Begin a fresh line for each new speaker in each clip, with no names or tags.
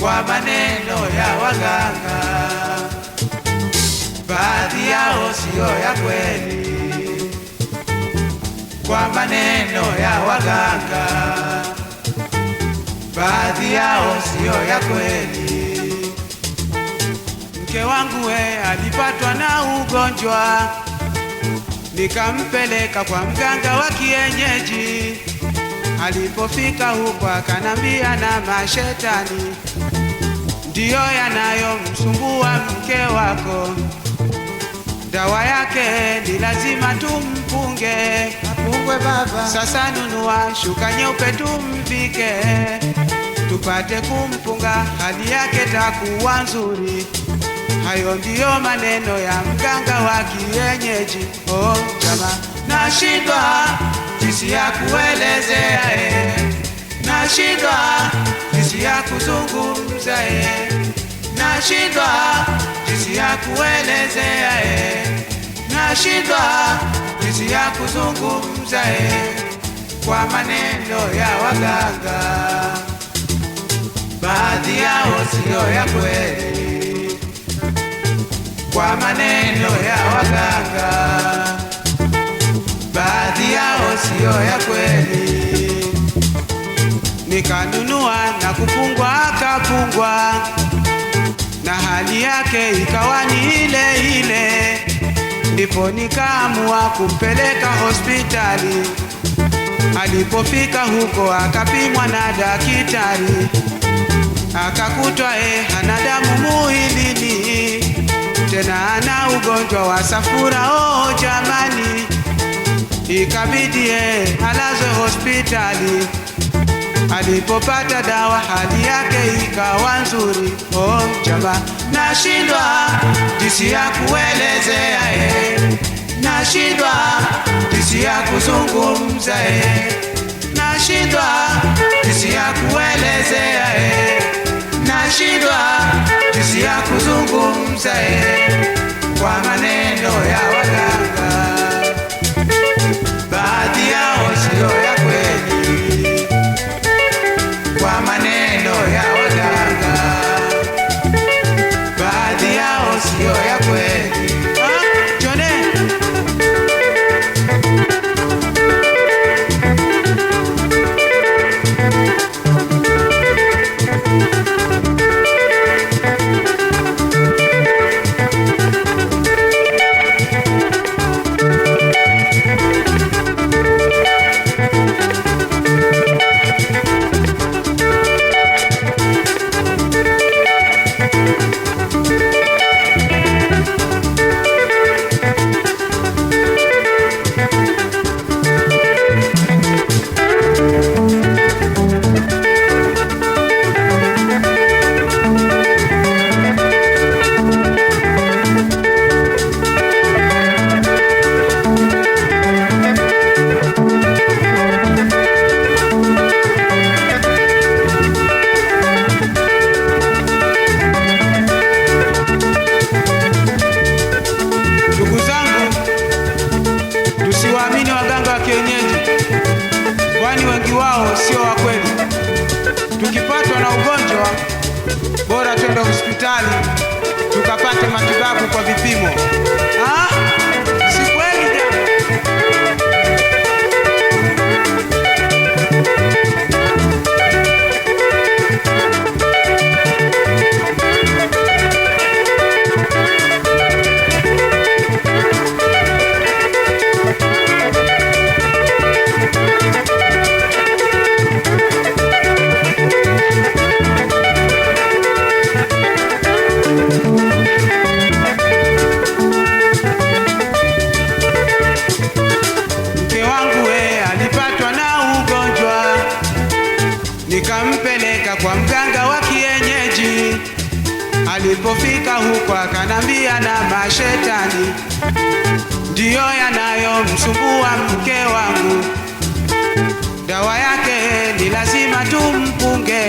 kwa maneno ya waganga, baadhi yao sio ya kweli, kwa maneno ya waganga, baadhi yao siyo ya kweli. Mke wangu we alipatwa na ugonjwa, nikampeleka kwa mganga wa kienyeji. Alipofika huko akanambia na mashetani ndiyo yanayomsumbua mke wako, dawa yake ni lazima tumpunge.
Apungwe baba.
Sasa nunua shuka nyeupe tumvike, tupate kumpunga, hali yake takuwa nzuri. Hayo ndiyo maneno ya mganga wa kienyeji. Oh jama, nashindwa jinsi ya kuelezea, nashindwa jinsi ya kuzungumza nashindwa jinsi ya kuelezea eh, nashindwa jinsi ya kuzungumza eh, kwa maneno ya waganga, baadhi yao siyo ya kweli, kwa maneno ya waganga, baadhi yao siyo ya kweli, nikanunua na kufungwa kafungwa hali yake ikawa ni ile ile, ndipo nikaamua kumpeleka hospitali. Alipofika huko akapimwa na daktari, akakutwa eh, hana damu mwilini, tena ana ugonjwa wa safura. Oh jamani, ikabidi eh, alazwe hospitali alipopata dawa hali yake ikawa nzuri. Oh mjaba, nashindwa jinsi ya kuelezea eh, nashindwa jinsi ya kuzungumza eh, nashindwa jinsi ya kuelezea eh, nashindwa jinsi ya kuzungumza eh, kwa maneno ya Usiwaamini waganga wa kienyeji, kwani wengi wao sio wa kweli. Tukipatwa na ugonjwa, bora twende hospitali tukapate matibabu kwa vipimo. nikampeleka kwa mganga wa kienyeji. Alipofika huko akanambia, na mashetani ndiyo yanayomsumbua mke wangu, dawa yake ni lazima tumpunge.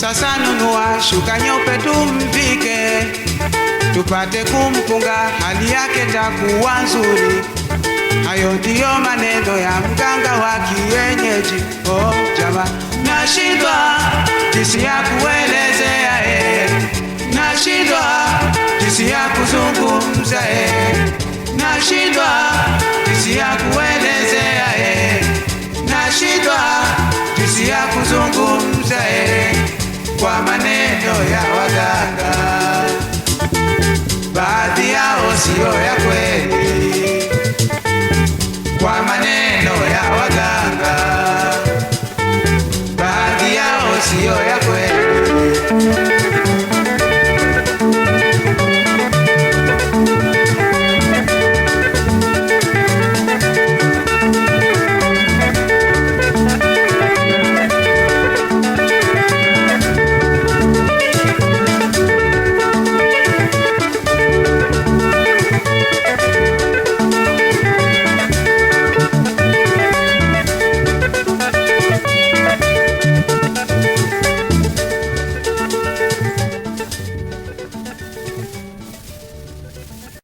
Sasa nunua shuka nyeupe tumvike, tupate kumpunga, hali yake takuwa nzuri. Hayo ndiyo maneno ya mganga wa kienyeji. Oh, jama, nashindwa jinsi ya kuelezea eh, nashindwa jinsi ya kuzungumza eh, nashindwa jinsi ya kuelezea eh, nashindwa jinsi ya kuzungumza eh, kwa maneno ¡Sí, yo ya fue.